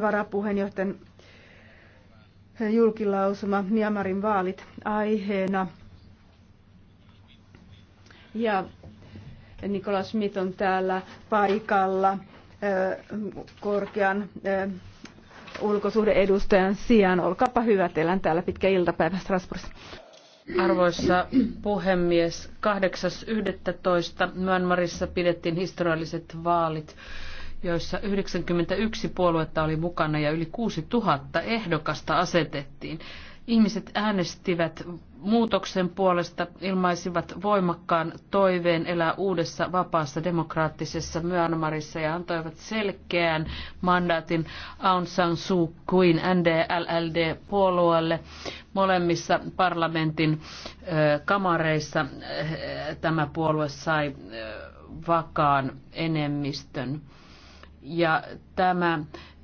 varapuheenjohtajan julkilausuma Myanmarin vaalit aiheena. Ja Nikola Smith on täällä paikalla korkean ulkosuhdeedustajan sijaan. Olkaapa hyvä, teillä täällä pitkä iltapäivä Strasbourgissa. Arvoisa puhemies, 8.11. Myanmarissa pidettiin historialliset vaalit joissa 91 puoluetta oli mukana ja yli 6000 ehdokasta asetettiin. Ihmiset äänestivät muutoksen puolesta, ilmaisivat voimakkaan toiveen elää uudessa vapaassa demokraattisessa Myanmarissa ja antoivat selkeän mandaatin Aung San Suu Kyin NDLLD-puolueelle molemmissa parlamentin kamareissa tämä puolue sai vakaan enemmistön ja tämä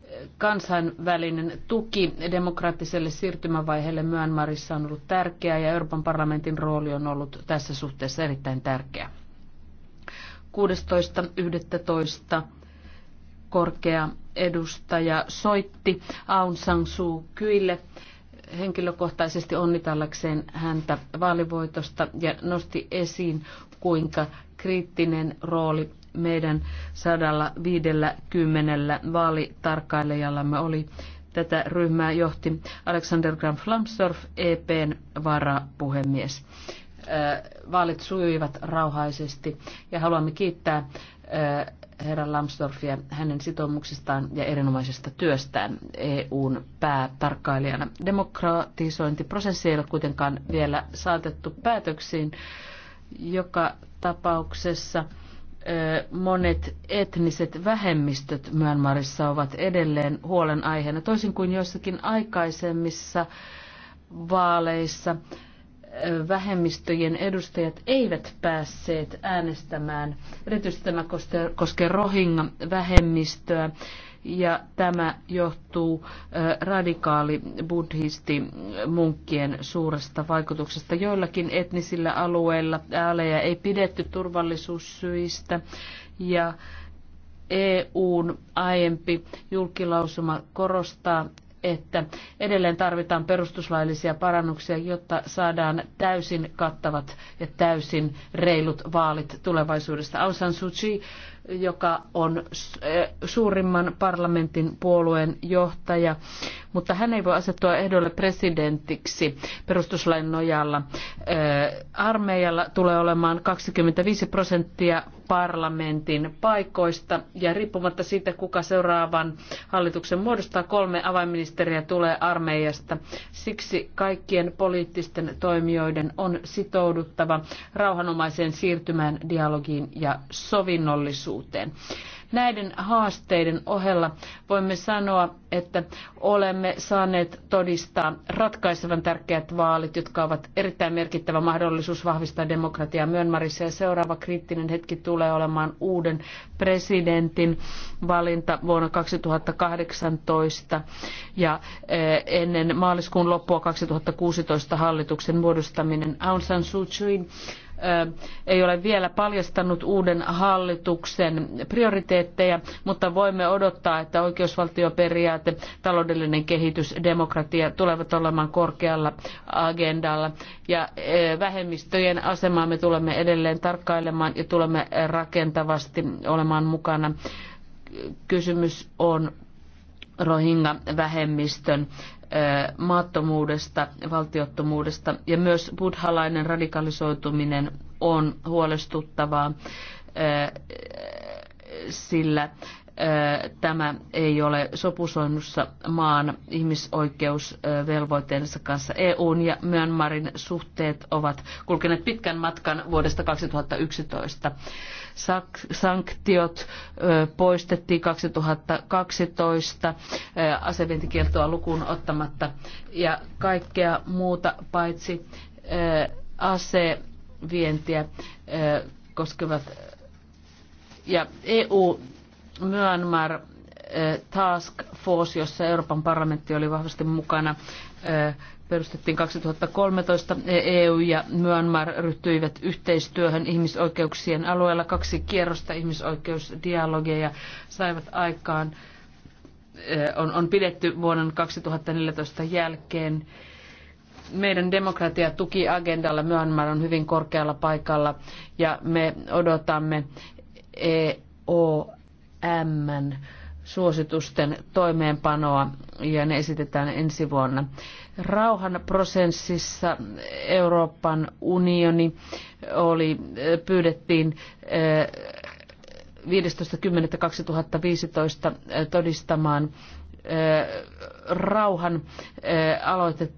eh, kansainvälinen tuki demokraattiselle siirtymävaiheelle Myanmarissa on ollut tärkeää ja Euroopan parlamentin rooli on ollut tässä suhteessa erittäin tärkeä. 16.11. korkea edustaja soitti Aung San Suu Kyille henkilökohtaisesti onnitallakseen häntä vaalivoitosta ja nosti esiin, kuinka kriittinen rooli meidän 150 vaalitarkkailijallamme oli. Tätä ryhmää johti Alexander Graham Flamsdorf, EPn varapuhemies. Äh, vaalit sujuivat rauhaisesti ja haluamme kiittää äh, herra Lambsdorffia hänen sitoumuksistaan ja erinomaisesta työstään EUn päätarkkailijana. Demokratisointiprosessi ei ole kuitenkaan vielä saatettu päätöksiin. Joka tapauksessa monet etniset vähemmistöt Myanmarissa ovat edelleen huolenaiheena, toisin kuin joissakin aikaisemmissa vaaleissa vähemmistöjen edustajat eivät päässeet äänestämään. Erityisesti tämä koskee rohingya vähemmistöä ja tämä johtuu radikaali buddhisti munkkien suuresta vaikutuksesta. Joillakin etnisillä alueilla ääleja ei pidetty turvallisuussyistä ja EUn aiempi julkilausuma korostaa, että edelleen tarvitaan perustuslaillisia parannuksia, jotta saadaan täysin kattavat ja täysin reilut vaalit tulevaisuudesta. Aung San Suu Kyi joka on eh, suurimman parlamentin puolueen johtaja, mutta hän ei voi asettua ehdolle presidentiksi perustuslain nojalla. Eh, armeijalla tulee olemaan 25 prosenttia parlamentin paikoista. Ja riippumatta siitä, kuka seuraavan hallituksen muodostaa, kolme avainministeriä tulee armeijasta. Siksi kaikkien poliittisten toimijoiden on sitouduttava rauhanomaiseen siirtymään, dialogiin ja sovinnollisuuteen. Näiden haasteiden ohella voimme sanoa, että olemme saaneet todistaa ratkaisevan tärkeät vaalit, jotka ovat erittäin merkittävä mahdollisuus vahvistaa demokratiaa Myönmarissa. Ja seuraava kriittinen hetki tulee olemaan uuden presidentin valinta vuonna 2018 ja eh, ennen maaliskuun loppua 2016 hallituksen muodostaminen. Aung San Suu Kyin ei ole vielä paljastanut uuden hallituksen prioriteetteja, mutta voimme odottaa, että oikeusvaltioperiaate, taloudellinen kehitys, demokratia tulevat olemaan korkealla agendalla. Ja vähemmistöjen asemaa me tulemme edelleen tarkkailemaan ja tulemme rakentavasti olemaan mukana. Kysymys on Rohingya-vähemmistön maattomuudesta, valtiottomuudesta ja myös buddhalainen radikalisoituminen on huolestuttavaa, sillä Tämä ei ole sopusoinnussa maan ihmisoikeusvelvoitteensa kanssa. EUn ja Myanmarin suhteet ovat kulkeneet pitkän matkan vuodesta 2011. Sanktiot poistettiin 2012 asevientikieltoa lukuun ottamatta ja kaikkea muuta paitsi asevientiä koskevat ja EU Myanmar eh, Task Force, jossa Euroopan parlamentti oli vahvasti mukana, eh, perustettiin 2013. EU e ja Myanmar ryhtyivät yhteistyöhön ihmisoikeuksien alueella. Kaksi kierrosta ihmisoikeusdialogeja saivat aikaan. Eh, on, on pidetty vuoden 2014 jälkeen. Meidän demokratiatukiagendalla Myanmar on hyvin korkealla paikalla ja me odotamme EO M suositusten toimeenpanoa ja ne esitetään ensi vuonna. Rauhanprosessissa Euroopan unioni oli, pyydettiin 15.10.2015 todistamaan Äh, rauhan äh,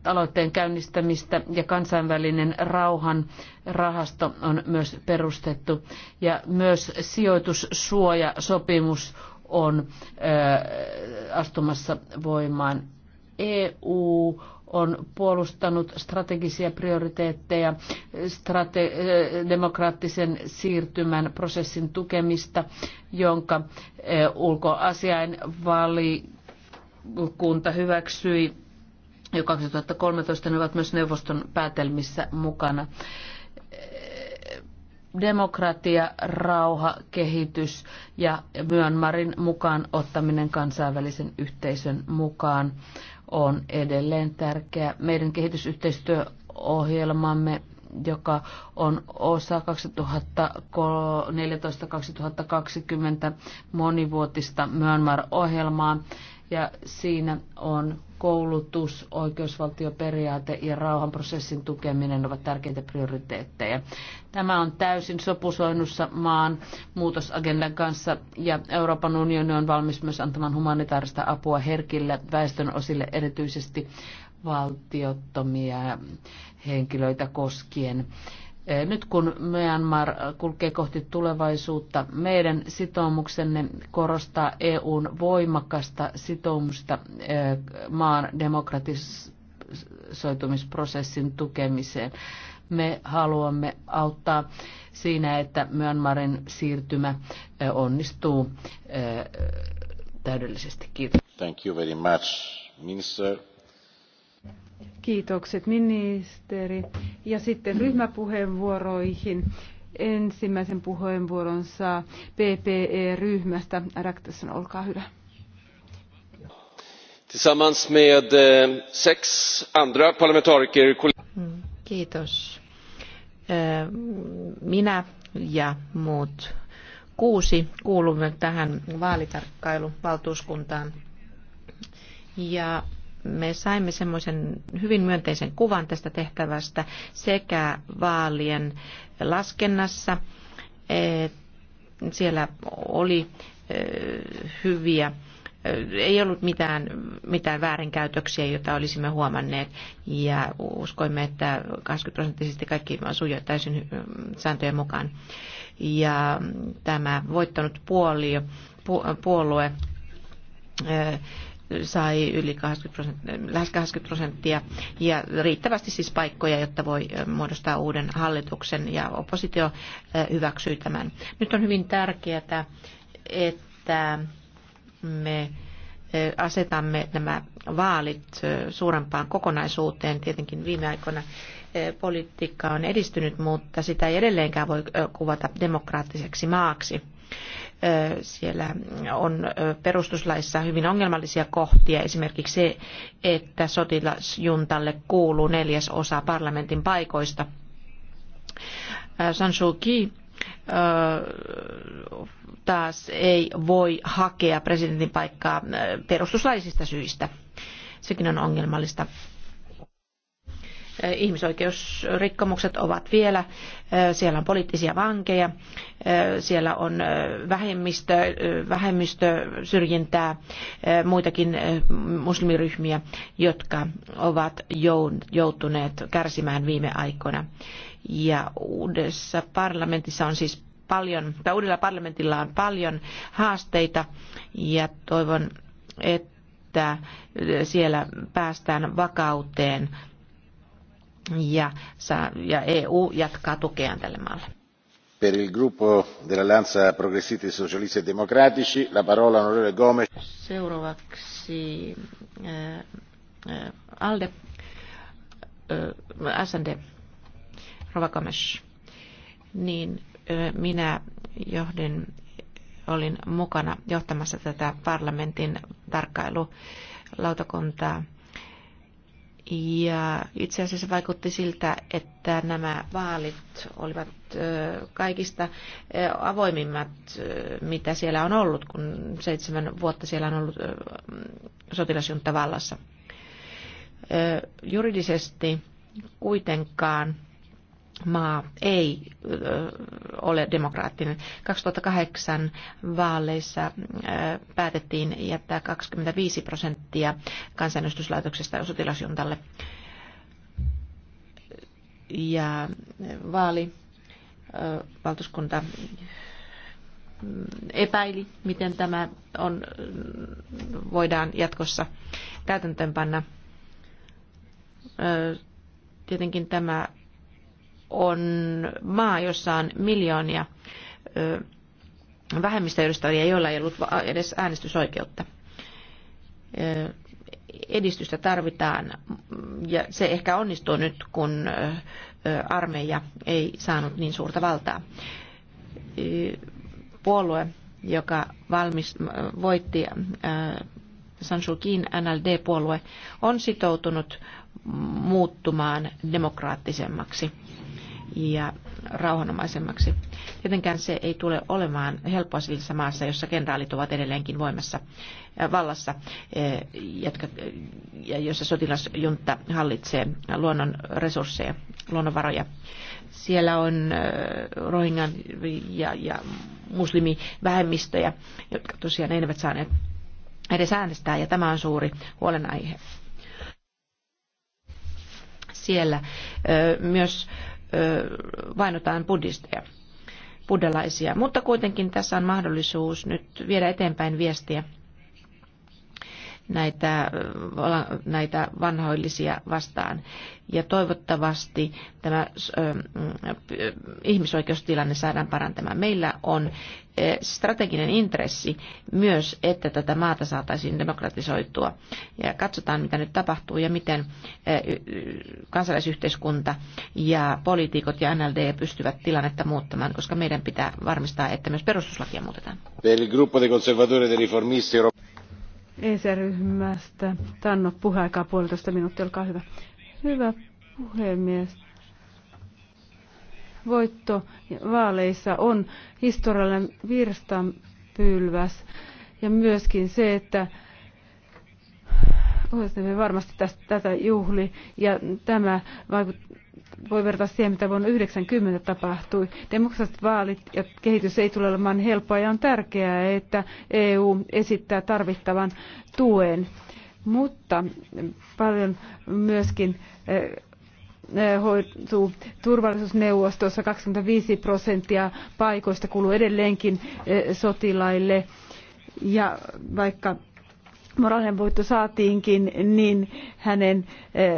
aloitteen käynnistämistä ja kansainvälinen rauhan rahasto on myös perustettu ja myös sijoitussuojasopimus on äh, astumassa voimaan. EU on puolustanut strategisia prioriteetteja, strate- demokraattisen siirtymän prosessin tukemista, jonka ulkoasiainvali Kunta hyväksyi jo 2013, ne ovat myös neuvoston päätelmissä mukana. Demokratia, rauha, kehitys ja Myönmarin mukaan ottaminen kansainvälisen yhteisön mukaan on edelleen tärkeä. Meidän kehitysyhteistyöohjelmamme joka on osa 2014-2020 monivuotista Myanmar-ohjelmaa ja siinä on koulutus, oikeusvaltioperiaate ja rauhanprosessin tukeminen ovat tärkeitä prioriteetteja. Tämä on täysin sopusoinnussa maan muutosagendan kanssa ja Euroopan unioni on valmis myös antamaan humanitaarista apua herkille väestön osille erityisesti valtiottomia henkilöitä koskien. Eh, nyt kun Myanmar kulkee kohti tulevaisuutta, meidän sitoumuksenne korostaa EUn voimakasta sitoumusta eh, maan demokratisoitumisprosessin tukemiseen. Me haluamme auttaa siinä, että Myanmarin siirtymä eh, onnistuu täydellisesti. Kiitos. Thank you very much, minister. Kiitokset ministeri. Ja sitten ryhmäpuheenvuoroihin. Ensimmäisen puheenvuoron saa PPE-ryhmästä. Raktasson, olkaa hyvä. Tillsammans med eh, sex andra parlamentariker... Mm, kiitos. Eh, minä ja muut kuusi kuulumme tähän vaalitarkkailuvaltuuskuntaan. Ja me saimme semmoisen hyvin myönteisen kuvan tästä tehtävästä sekä vaalien laskennassa. Siellä oli hyviä ei ollut mitään, mitään väärinkäytöksiä, joita olisimme huomanneet. Ja uskoimme, että 20 prosenttisesti kaikki sujui täysin sääntöjen mukaan. Ja tämä voittanut puoli, pu, puolue sai yli 80 lähes 80 prosenttia ja riittävästi siis paikkoja, jotta voi muodostaa uuden hallituksen ja oppositio hyväksyi tämän. Nyt on hyvin tärkeää, että me asetamme nämä vaalit suurempaan kokonaisuuteen. Tietenkin viime aikoina politiikka on edistynyt, mutta sitä ei edelleenkään voi kuvata demokraattiseksi maaksi. Siellä on perustuslaissa hyvin ongelmallisia kohtia, esimerkiksi se, että sotilasjuntalle kuuluu neljäs osa parlamentin paikoista. San Suu Kyi taas ei voi hakea presidentin paikkaa perustuslaillisista syistä. Sekin on ongelmallista. Eh, ihmisoikeusrikkomukset ovat vielä, eh, siellä on poliittisia vankeja, eh, siellä on vähemmistö, vähemmistösyrjintää, muitakin muslimiryhmiä, jotka ovat joutuneet kärsimään viime aikoina. Ja uudessa parlamentissa on siis paljon, tai uudella parlamentilla on paljon haasteita ja toivon, että siellä päästään vakauteen ja, ja EU jatkaa tukeaan tälle maalle. Per il gruppo dell'Alleanza Progressisti Socialisti e Democratici la parola onorevole Gomes. Seuraavaksi äh, äh, Alde, äh, eh, SND, Rova Gomes. Niin äh, minä johdin, olin mukana johtamassa tätä parlamentin tarkkailulautakuntaa. Ja itse asiassa vaikutti siltä, että nämä vaalit olivat kaikista avoimimmat, mitä siellä on ollut, kun seitsemän vuotta siellä on ollut sotilasjunta vallassa. Juridisesti kuitenkaan maa ei ole demokraattinen. 2008 vaaleissa päätettiin jättää 25 prosenttia kansanedustuslaitoksesta sotilasjuntalle. Ja vaali valtuuskunta mm, epäili, miten tämä on, voidaan jatkossa täytäntöönpanna. Tietenkin tämä on maa, jossa on miljoonia vähemmistöedustajia, joilla ei ollut edes äänestysoikeutta. Edistystä tarvitaan ja se ehkä onnistuu nyt, kun armeija ei saanut niin suurta valtaa. Puolue, joka valmis, voitti San Suu NLD-puolue, on sitoutunut muuttumaan demokraattisemmaksi ja rauhanomaisemmaksi. Tietenkään se ei tule olemaan helppoa sillä maassa, jossa kenraalit ovat edelleenkin voimassa äh, vallassa, äh, jotka, äh, ja jossa sotilasjunta hallitsee luonnon resursseja, luonnonvaroja. Siellä on rohingan ja, ja muslimivähemmistöjä, jotka tosiaan eivät saaneet edes äänestää, ja tämä on suuri huolenaihe siellä. Myös vainotaan buddhisteja, buddhalaisia. Mutta kuitenkin tässä on mahdollisuus nyt viedä eteenpäin viestiä näitä, näitä vanhoillisia vastaan. Ja toivottavasti tämä mm, ihmisoikeustilanne saadaan parantamaan. Meillä on strateginen intressi myös, että tätä maata saataisiin demokratisoitua. Ja katsotaan, mitä nyt tapahtuu ja miten kansalaisyhteiskunta ja poliitikot ja NLD pystyvät tilannetta muuttamaan, koska meidän pitää varmistaa, että myös perustuslakia muutetaan. Per il gruppo dei conservatori e dei riformisti ESE-ryhmästä. Tanno, puheaikaa puolitoista minuuttia, olkaa hyvä. Hyvä puhemies. Voitto vaaleissa on historiallinen virstanpylväs ja myöskin se, että me varmasti tästä, tätä juhli ja tämä vaikuttaa voi verrata siihen, mitä vuonna 90 tapahtui. Demokraattiset vaalit ja kehitys ei tule olemaan helppoa ja on tärkeää, että EU esittää tarvittavan tuen. Mutta paljon myöskin eh, eh, hoituu turvallisuusneuvostossa 25 prosenttia paikoista kuluu edelleenkin eh, sotilaille. Ja vaikka moraalinen voitto saatiinkin, niin hänen eh,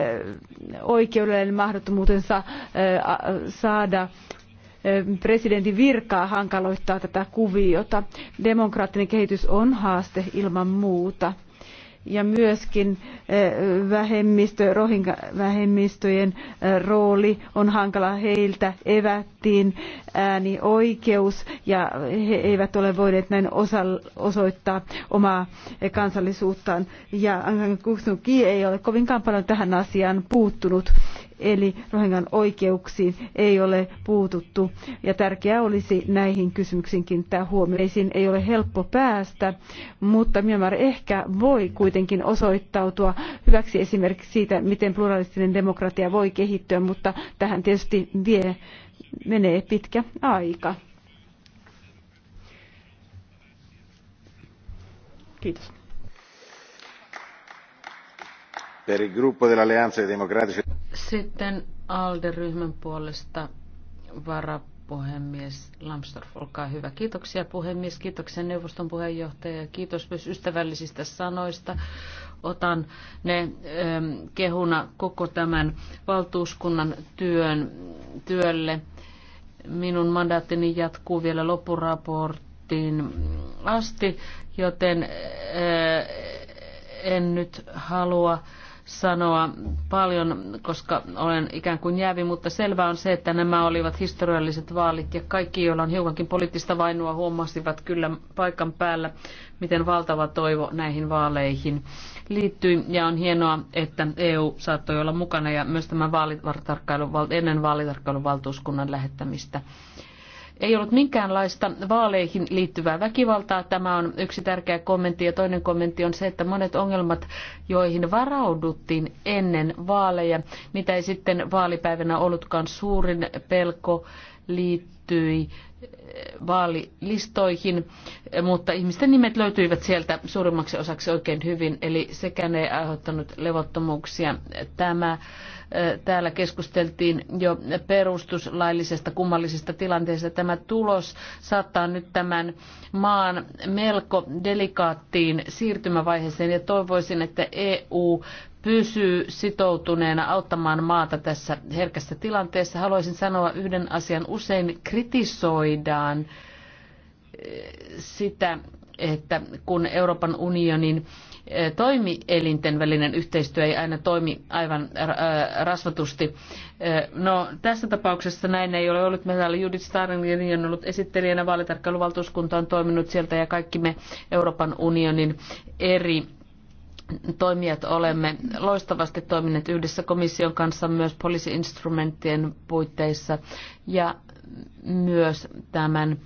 oikeudellinen mahdottomuutensa eh, saada eh, presidentin virkaa hankaloittaa tätä kuviota. Demokraattinen kehitys on haaste ilman muuta ja myöskin eh, vähemmistö, vähemmistöjen eh, rooli on hankala. Heiltä evättiin äänioikeus ja he eivät ole voineet näin osoittaa omaa kansallisuuttaan. Ja Aung San Suu Kyi ei ole kovinkaan paljon tähän asiaan puuttunut eli Rohingan oikeuksiin ei ole puututtu. Ja tärkeää olisi näihin kysymyksiin kiinnittää huomioon. Ei ole helppo päästä, mutta Myanmar ehkä voi kuitenkin osoittautua hyväksi esimerkiksi siitä, miten pluralistinen demokratia voi kehittyä, mutta tähän tietysti vie, menee pitkä aika. Kiitos. Per il gruppo dell'Alleanza dei Democratici sitten ALDE-ryhmän puolesta varapuhemies Lambsdorff, olkaa hyvä. Kiitoksia puhemies, kiitoksia neuvoston puheenjohtaja ja kiitos myös ystävällisistä sanoista. Otan ne ähm, kehuna koko tämän valtuuskunnan työn, työlle. Minun mandaattini jatkuu vielä loppuraporttiin asti, joten äh, en nyt halua sanoa paljon, koska olen ikään kuin jäävi, mutta selvää on se, että nämä olivat historialliset vaalit ja kaikki, joilla on hiukankin poliittista vainua, huomasivat kyllä paikan päällä, miten valtava toivo näihin vaaleihin liittyi. Ja on hienoa, että EU saattoi olla mukana ja myös tämä vaalitarkkailu, ennen vaalitarkkailun valtuuskunnan lähettämistä ei ollut minkäänlaista vaaleihin liittyvää väkivaltaa. Tämä on yksi tärkeä kommentti. Ja toinen kommentti on se, että monet ongelmat, joihin varauduttiin ennen vaaleja, mitä ei sitten vaalipäivänä ollutkaan suurin pelko liittyi vaalilistoihin, mutta ihmisten nimet löytyivät sieltä suurimmaksi osaksi oikein hyvin, eli sekään ei aiheuttanut levottomuuksia. Tämä täällä keskusteltiin jo perustuslaillisesta kummallisesta tilanteesta. Tämä tulos saattaa nyt tämän maan melko delikaattiin siirtymävaiheeseen ja toivoisin, että EU pysyy sitoutuneena auttamaan maata tässä herkässä tilanteessa. Haluaisin sanoa yhden asian. Usein kritisoidaan eh, sitä, että kun Euroopan unionin eh, toimielinten välinen yhteistyö ei aina toimi aivan eh, rasvatusti. No, tässä tapauksessa näin ei ole ollut. Meillä oli Judith Starlingin niin on ollut esittelijänä, vaalitarkkailuvaltuuskunta on toiminut sieltä ja kaikki me Euroopan unionin eri toimijat olemme loistavasti toimineet yhdessä komission kanssa myös poliisiinstrumenttien puitteissa ja myös tämän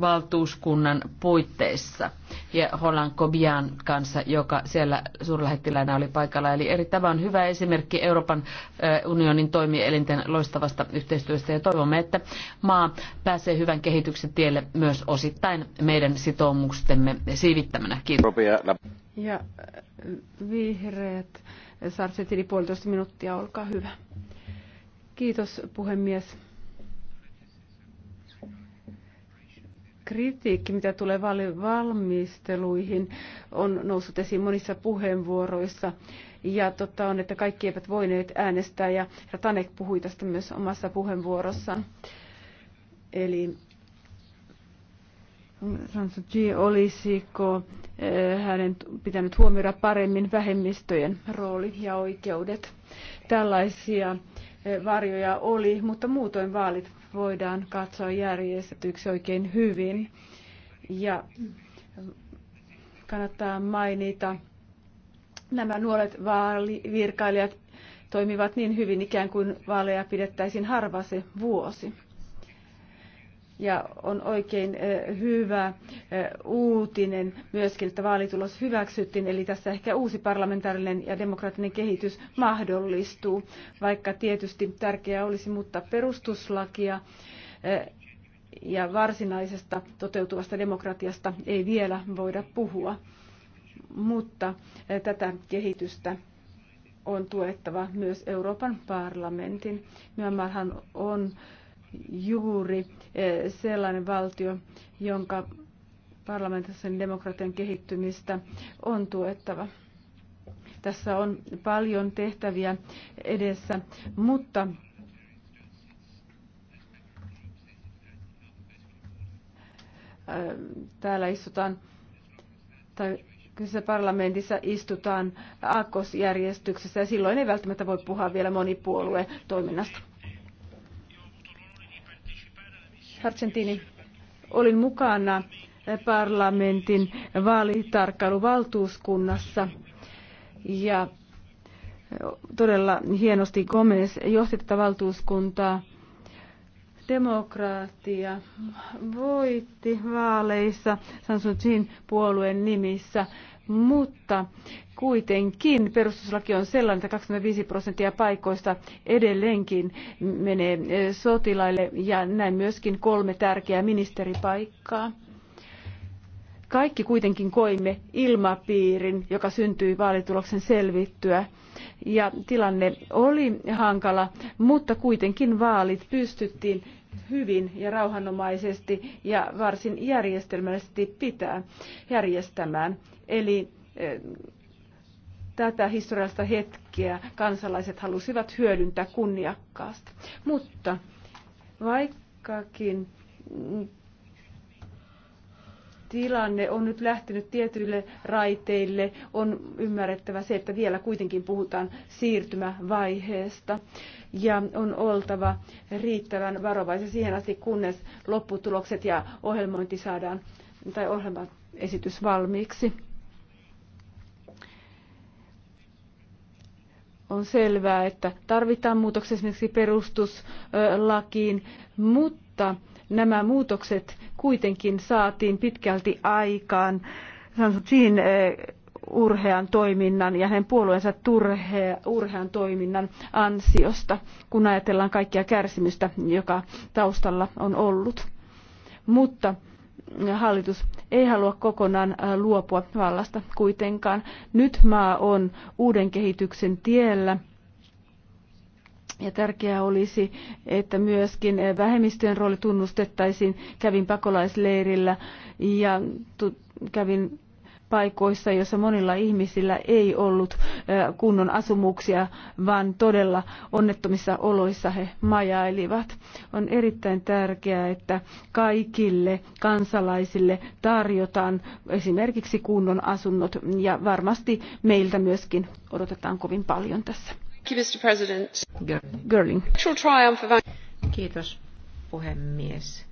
valtuuskunnan puitteissa ja Holland Kobian kanssa, joka siellä suurlähettiläänä oli paikalla. Eli, eli tämä on hyvä esimerkki Euroopan unionin toimielinten loistavasta yhteistyöstä ja toivomme, että maa pääsee hyvän kehityksen tielle myös osittain meidän sitoumustemme siivittämänä. Kiitos. Ja vihreät, Sarsetili puolitoista minuuttia, olkaa hyvä. Kiitos puhemies. kritiikki, mitä tulee valmisteluihin, on noussut esiin monissa puheenvuoroissa. Ja totta on, että kaikki eivät voineet äänestää, ja Tanek puhui tästä myös omassa puheenvuorossaan. Eli Sansuji, olisiko eh, hänen pitänyt huomioida paremmin vähemmistöjen rooli ja oikeudet? Tällaisia eh, varjoja oli, mutta muutoin vaalit voidaan katsoa järjestetyksi oikein hyvin. Ja kannattaa mainita, nämä nuoret vaalivirkailijat toimivat niin hyvin ikään kuin vaaleja pidettäisiin harva se vuosi ja on oikein hyvä uutinen myöskin, että vaalitulos hyväksyttiin, eli tässä ehkä uusi parlamentaarinen ja demokraattinen kehitys mahdollistuu, vaikka tietysti tärkeää olisi muuttaa perustuslakia ja varsinaisesta toteutuvasta demokratiasta ei vielä voida puhua, mutta tätä kehitystä on tuettava myös Euroopan parlamentin. Myönmarhan on juuri eh, sellainen valtio, jonka parlamentaarisen niin demokratian kehittymistä on tuettava. Tässä on paljon tehtäviä edessä, mutta eh, täällä istutaan tai kyseessä parlamentissa istutaan aakkosjärjestyksessä ja silloin ei välttämättä voi puhua vielä monipuolue toiminnasta. Argentiini. Olin mukana parlamentin vaalitarkkailuvaltuuskunnassa ja todella hienosti Gomez johti tätä valtuuskuntaa. Demokraatia voitti vaaleissa Sansuchin puolueen nimissä, mutta Kuitenkin perustuslaki on sellainen, että 25 prosenttia paikoista edelleenkin menee eh, sotilaille ja näin myöskin kolme tärkeää ministeripaikkaa. Kaikki kuitenkin koimme ilmapiirin, joka syntyi vaalituloksen selvittyä. Ja tilanne oli hankala, mutta kuitenkin vaalit pystyttiin hyvin ja rauhanomaisesti ja varsin järjestelmällisesti pitää järjestämään. Eli eh, tätä historiallista hetkeä kansalaiset halusivat hyödyntää kunniakkaasti. Mutta vaikkakin tilanne on nyt lähtenyt tietyille raiteille, on ymmärrettävä se, että vielä kuitenkin puhutaan siirtymävaiheesta. Ja on oltava riittävän varovaisia siihen asti, kunnes lopputulokset ja ohjelmointi saadaan, tai ohjelmaesitys valmiiksi. on selvää, että tarvitaan muutoksia esimerkiksi perustuslakiin, mutta nämä muutokset kuitenkin saatiin pitkälti aikaan Sansutsiin eh, urhean toiminnan ja hänen puolueensa turhe, urhean toiminnan ansiosta, kun ajatellaan kaikkia kärsimystä, joka taustalla on ollut. Mutta hallitus ei halua kokonaan luopua vallasta kuitenkaan. Nyt maa on uuden kehityksen tiellä. Ja tärkeää olisi, että myöskin vähemmistöjen rooli tunnustettaisiin. Kävin pakolaisleirillä ja kävin paikoissa, joissa monilla ihmisillä ei ollut kunnon asumuksia, vaan todella onnettomissa oloissa he majailivat. On erittäin tärkeää, että kaikille kansalaisille tarjotaan esimerkiksi kunnon asunnot ja varmasti meiltä myöskin odotetaan kovin paljon tässä. Girling. Kiitos puhemies.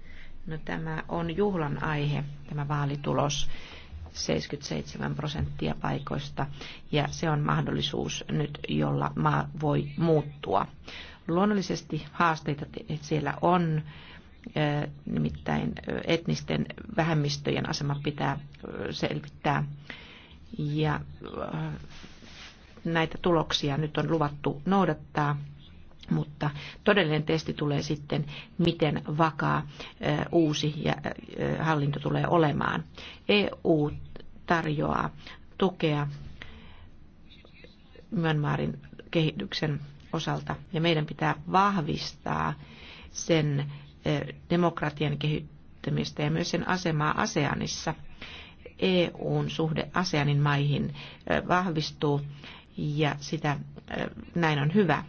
No, tämä on juhlan aihe, tämä vaalitulos. 77 prosenttia paikoista, ja se on mahdollisuus nyt, jolla maa voi muuttua. Luonnollisesti haasteita siellä on, nimittäin etnisten vähemmistöjen asema pitää selvittää, ja näitä tuloksia nyt on luvattu noudattaa mutta todellinen testi tulee sitten, miten vakaa uusi hallinto tulee olemaan. EU tarjoaa tukea Myanmarin kehityksen osalta ja meidän pitää vahvistaa sen demokratian kehittämistä ja myös sen asemaa ASEANissa. EUn suhde ASEANin maihin vahvistuu ja sitä näin on hyvä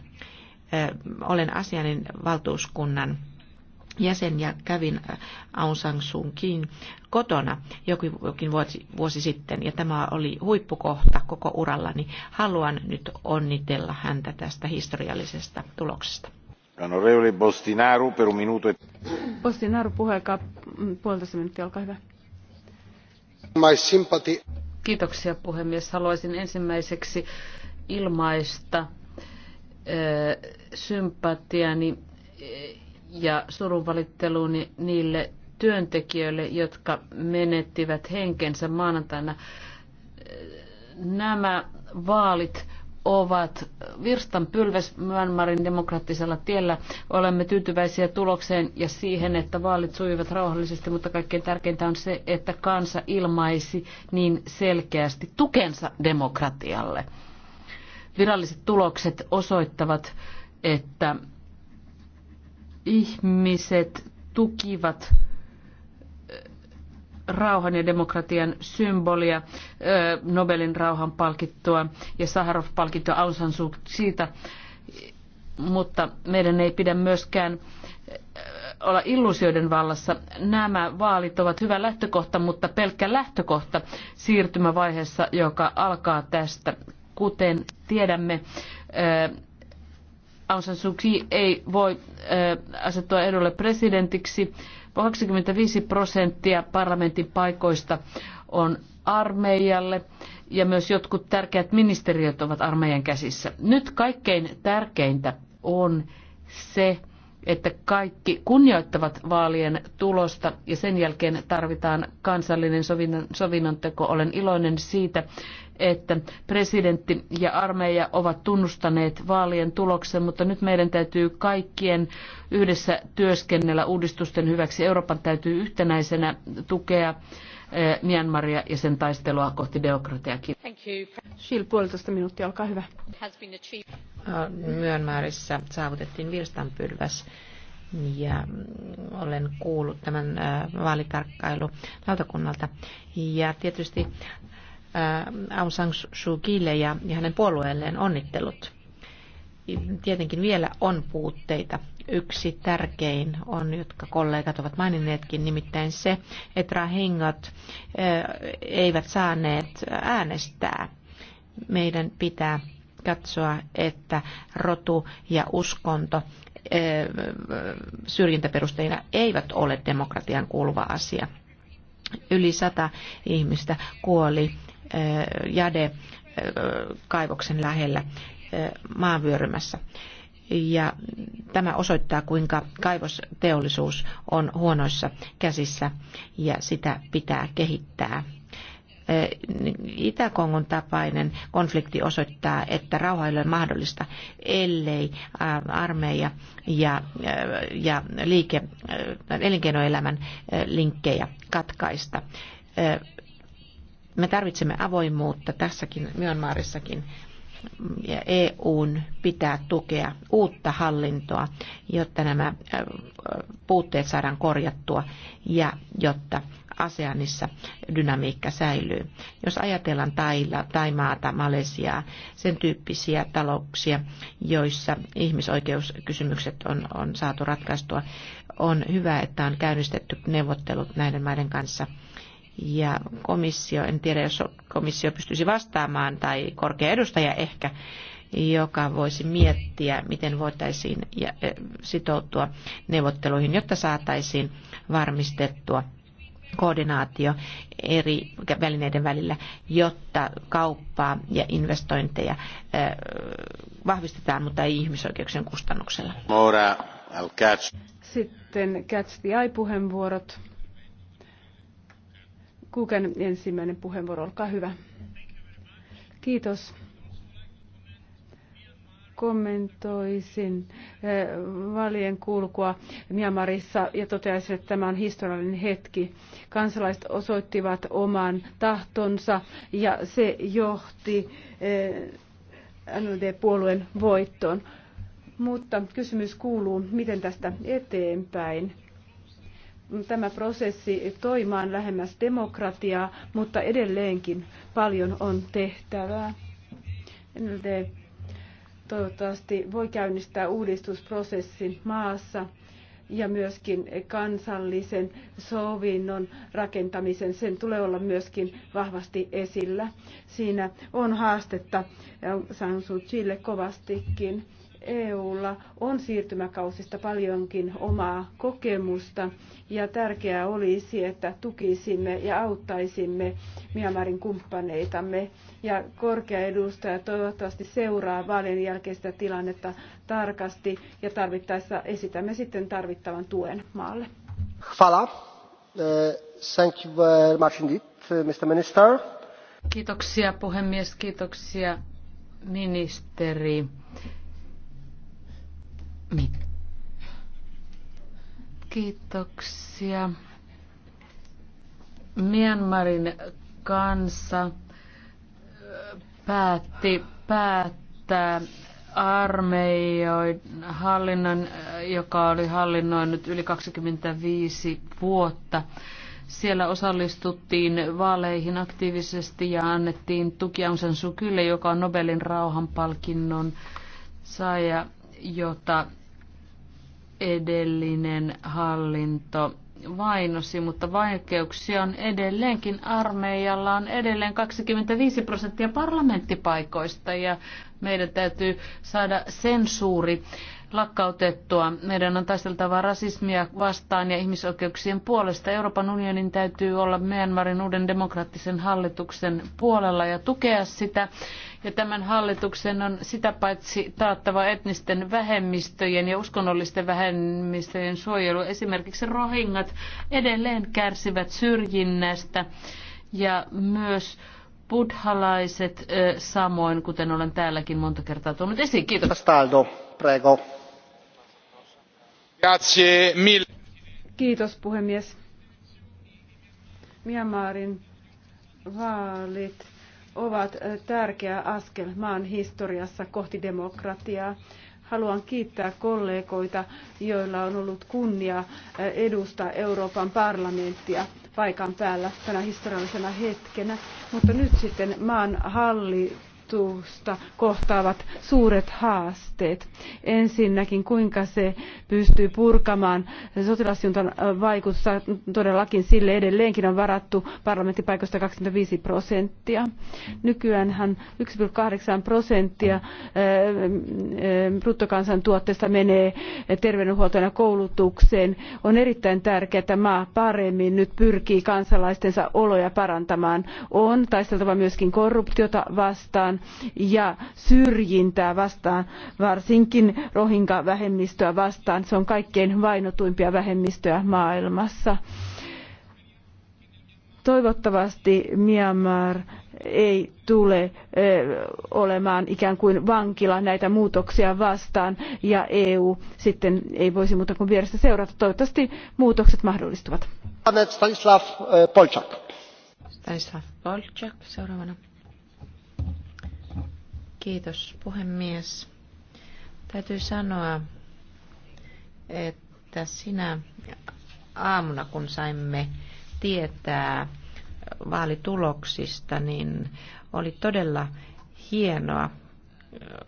olen asianin valtuuskunnan jäsen ja kävin Aung San Suu Kyiin kotona jokin vuosi, vuosi sitten ja tämä oli huippukohta koko urallani. Haluan nyt onnitella häntä tästä historiallisesta tuloksesta. Onorevole Bostinaru per un minuto. E- Bostinaru puheenkaa mm, puolitoista minuuttia, olkaa hyvä. My sympathy. Kiitoksia puhemies. Haluaisin ensimmäiseksi ilmaista sympatiani ja surunvalitteluni niille työntekijöille, jotka menettivät henkensä maanantaina. Nämä vaalit ovat virstan pylväs Myanmarin demokraattisella tiellä. Olemme tyytyväisiä tulokseen ja siihen, että vaalit sujuivat rauhallisesti, mutta kaikkein tärkeintä on se, että kansa ilmaisi niin selkeästi tukensa demokratialle. Viralliset tulokset osoittavat, että ihmiset tukivat äh, rauhan ja demokratian symbolia, äh, Nobelin rauhan palkittua ja Saharov-palkittua Aung San Suu siitä. Mutta meidän ei pidä myöskään äh, olla illusioiden vallassa. Nämä vaalit ovat hyvä lähtökohta, mutta pelkkä lähtökohta siirtymävaiheessa, joka alkaa tästä Kuten tiedämme, Aung San Suu Kyi ei voi asettua ehdolle presidentiksi. 25 prosenttia parlamentin paikoista on armeijalle ja myös jotkut tärkeät ministeriöt ovat armeijan käsissä. Nyt kaikkein tärkeintä on se, että kaikki kunnioittavat vaalien tulosta ja sen jälkeen tarvitaan kansallinen sovinnon, teko. Olen iloinen siitä, että presidentti ja armeija ovat tunnustaneet vaalien tuloksen, mutta nyt meidän täytyy kaikkien yhdessä työskennellä uudistusten hyväksi. Euroopan täytyy yhtenäisenä tukea eh, Myanmaria ja sen taistelua kohti demokratiakin. Shill, puolitoista minuuttia, olkaa hyvä. Ah, Myanmarissa saavutettiin virstanpylväs ja mm, olen kuullut tämän eh, vaalitarkkailulautakunnalta. Ja tietysti Aung San Suu Kyille ja hänen puolueelleen onnittelut. Tietenkin vielä on puutteita. Yksi tärkein on, jotka kollegat ovat maininneetkin, nimittäin se, että rahingat eivät saaneet äänestää. Meidän pitää katsoa, että rotu ja uskonto syrjintäperusteina eivät ole demokratian kuuluva asia. Yli sata ihmistä kuoli Eh, jadekaivoksen eh, lähellä eh, maanvyörymässä. Ja tämä osoittaa, kuinka kaivosteollisuus on huonoissa käsissä ja sitä pitää kehittää. Itä-Kongon tapainen konflikti osoittaa, että rauha ei ole mahdollista, ellei armeija ja, ja liike, elinkeinoelämän linkkejä katkaista me tarvitsemme avoimuutta tässäkin Myanmarissakin ja EUn pitää tukea uutta hallintoa, jotta nämä äh, puutteet saadaan korjattua ja jotta ASEANissa dynamiikka säilyy. Jos ajatellaan Tailla, Taimaata, Malesiaa, sen tyyppisiä talouksia, joissa ihmisoikeuskysymykset on, on saatu ratkaistua, on hyvä, että on käynnistetty neuvottelut näiden maiden kanssa – ja komissio, en tiedä jos komissio pystyisi vastaamaan, tai korkea edustaja ehkä, joka voisi miettiä, miten voitaisiin sitoutua neuvotteluihin, jotta saataisiin varmistettua koordinaatio eri välineiden välillä, jotta kauppaa ja investointeja vahvistetaan, mutta ei ihmisoikeuksien kustannuksella. Sitten Catch the Eye-puheenvuorot. Kuukan ensimmäinen puheenvuoro, olkaa hyvä. Kiitos. Kommentoisin eh, valien kulkua Myanmarissa ja toteaisin, että tämä on historiallinen hetki. Kansalaiset osoittivat oman tahtonsa ja se johti eh, NLD-puolueen voittoon. Mutta kysymys kuuluu, miten tästä eteenpäin tämä prosessi toimimaan lähemmäs demokratiaa, mutta edelleenkin paljon on tehtävää. NLD toivottavasti voi käynnistää uudistusprosessin maassa ja myöskin kansallisen sovinnon rakentamisen. Sen tulee olla myöskin vahvasti esillä. Siinä on haastetta ja on saanut kovastikin. EUlla on siirtymäkausista paljonkin omaa kokemusta ja tärkeää olisi, että tukisimme ja auttaisimme Myanmarin kumppaneitamme. Ja korkea edustaja toivottavasti seuraa vaalien jälkeistä tilannetta tarkasti ja tarvittaessa esitämme sitten tarvittavan tuen maalle. Hvala. Eh, thank you very much indeed, eh, Mr. Minister. Kiitoksia puhemies, kiitoksia ministeri. Niin. Kiitoksia. Myanmarin kanssa päätti päättää armeijoiden hallinnon, joka oli hallinnoinut yli 25 vuotta. Siellä osallistuttiin vaaleihin aktiivisesti ja annettiin tuki Aung San Suu Kyille, joka on Nobelin rauhanpalkinnon saaja, jota edellinen hallinto vainosi, mutta vaikeuksia on edelleenkin. Armeijalla on edelleen 25 prosenttia parlamenttipaikoista ja meidän täytyy saada sensuuri lakkautettua. Meidän on taisteltava rasismia vastaan ja ihmisoikeuksien puolesta. Euroopan unionin täytyy olla Myanmarin uuden demokraattisen hallituksen puolella ja tukea sitä. Ja tämän hallituksen on sitä paitsi taattava etnisten vähemmistöjen ja uskonnollisten vähemmistöjen suojelu. Esimerkiksi rohingat edelleen kärsivät syrjinnästä ja myös buddhalaiset samoin, kuten olen täälläkin monta kertaa tuonut esiin. Kiitos. Staldo, prego. Grazie mille. Kiitos puhemies. Myanmarin vaalit ovat tärkeä askel maan historiassa kohti demokratiaa. Haluan kiittää kollegoita, joilla on ollut kunnia edustaa Euroopan parlamenttia paikan päällä tänä historiallisena hetkenä. Mutta nyt sitten maan hallitus uudistusta kohtaavat suuret haasteet. Ensinnäkin, kuinka se pystyy purkamaan sotilasjuntan vaikutusta todellakin sille edelleenkin on varattu parlamenttipaikoista 25 prosenttia. Nykyäänhän 1,8 prosenttia bruttokansantuotteesta menee terveydenhuoltoon ja koulutukseen. On erittäin tärkeää, että maa paremmin nyt pyrkii kansalaistensa oloja parantamaan. On taisteltava myöskin korruptiota vastaan ja syrjintää vastaan, varsinkin rohingya vähemmistöä vastaan. Se on kaikkein vainotuimpia vähemmistöjä maailmassa. Toivottavasti Myanmar ei tule eh, olemaan ikään kuin vankila näitä muutoksia vastaan ja EU sitten ei voisi muuta kuin vierestä seurata. Toivottavasti muutokset mahdollistuvat. Stanislav eh, Polczak. Stanislav Polczak seuraavana. Kiitos puhemies. Täytyy sanoa, että sinä aamuna, kun saimme tietää vaalituloksista, niin oli todella hienoa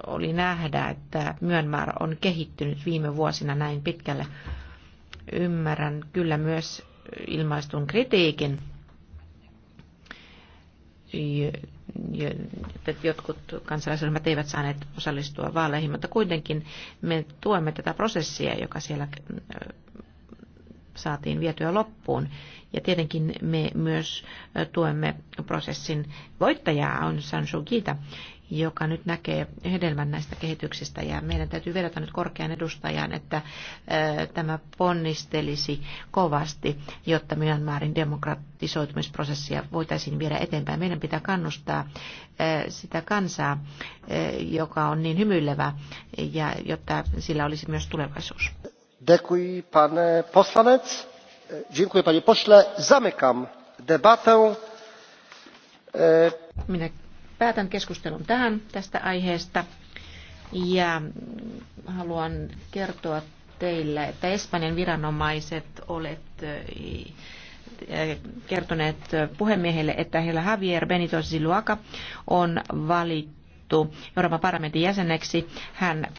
oli nähdä, että Myönmar on kehittynyt viime vuosina näin pitkälle. Ymmärrän kyllä myös ilmaistun kritiikin jotkut kansalaisryhmät eivät saaneet osallistua vaaleihin, mutta kuitenkin me tuemme tätä prosessia, joka siellä äh, saatiin vietyä loppuun. Ja tietenkin me myös äh, tuemme prosessin voittajaa on San Suu joka nyt näkee hedelmän näistä kehityksistä. Ja meidän täytyy vedota nyt korkean edustajan, että äh, tämä ponnistelisi kovasti, jotta Myanmarin demokratisoitumisprosessia voitaisiin viedä eteenpäin. Meidän pitää kannustaa äh, sitä kansaa, äh, joka on niin hymyilevä, ja jotta sillä olisi myös tulevaisuus. Dekui pane poslanec. Dziękuję panie pośle. Zamykam debatę. Minä Päätän keskustelun tähän tästä aiheesta ja haluan kertoa teille, että Espanjan viranomaiset olet eh, eh, kertoneet puhemiehelle, että heillä Javier Benito Siluaga on valittu Euroopan parlamentin jäseneksi. Hän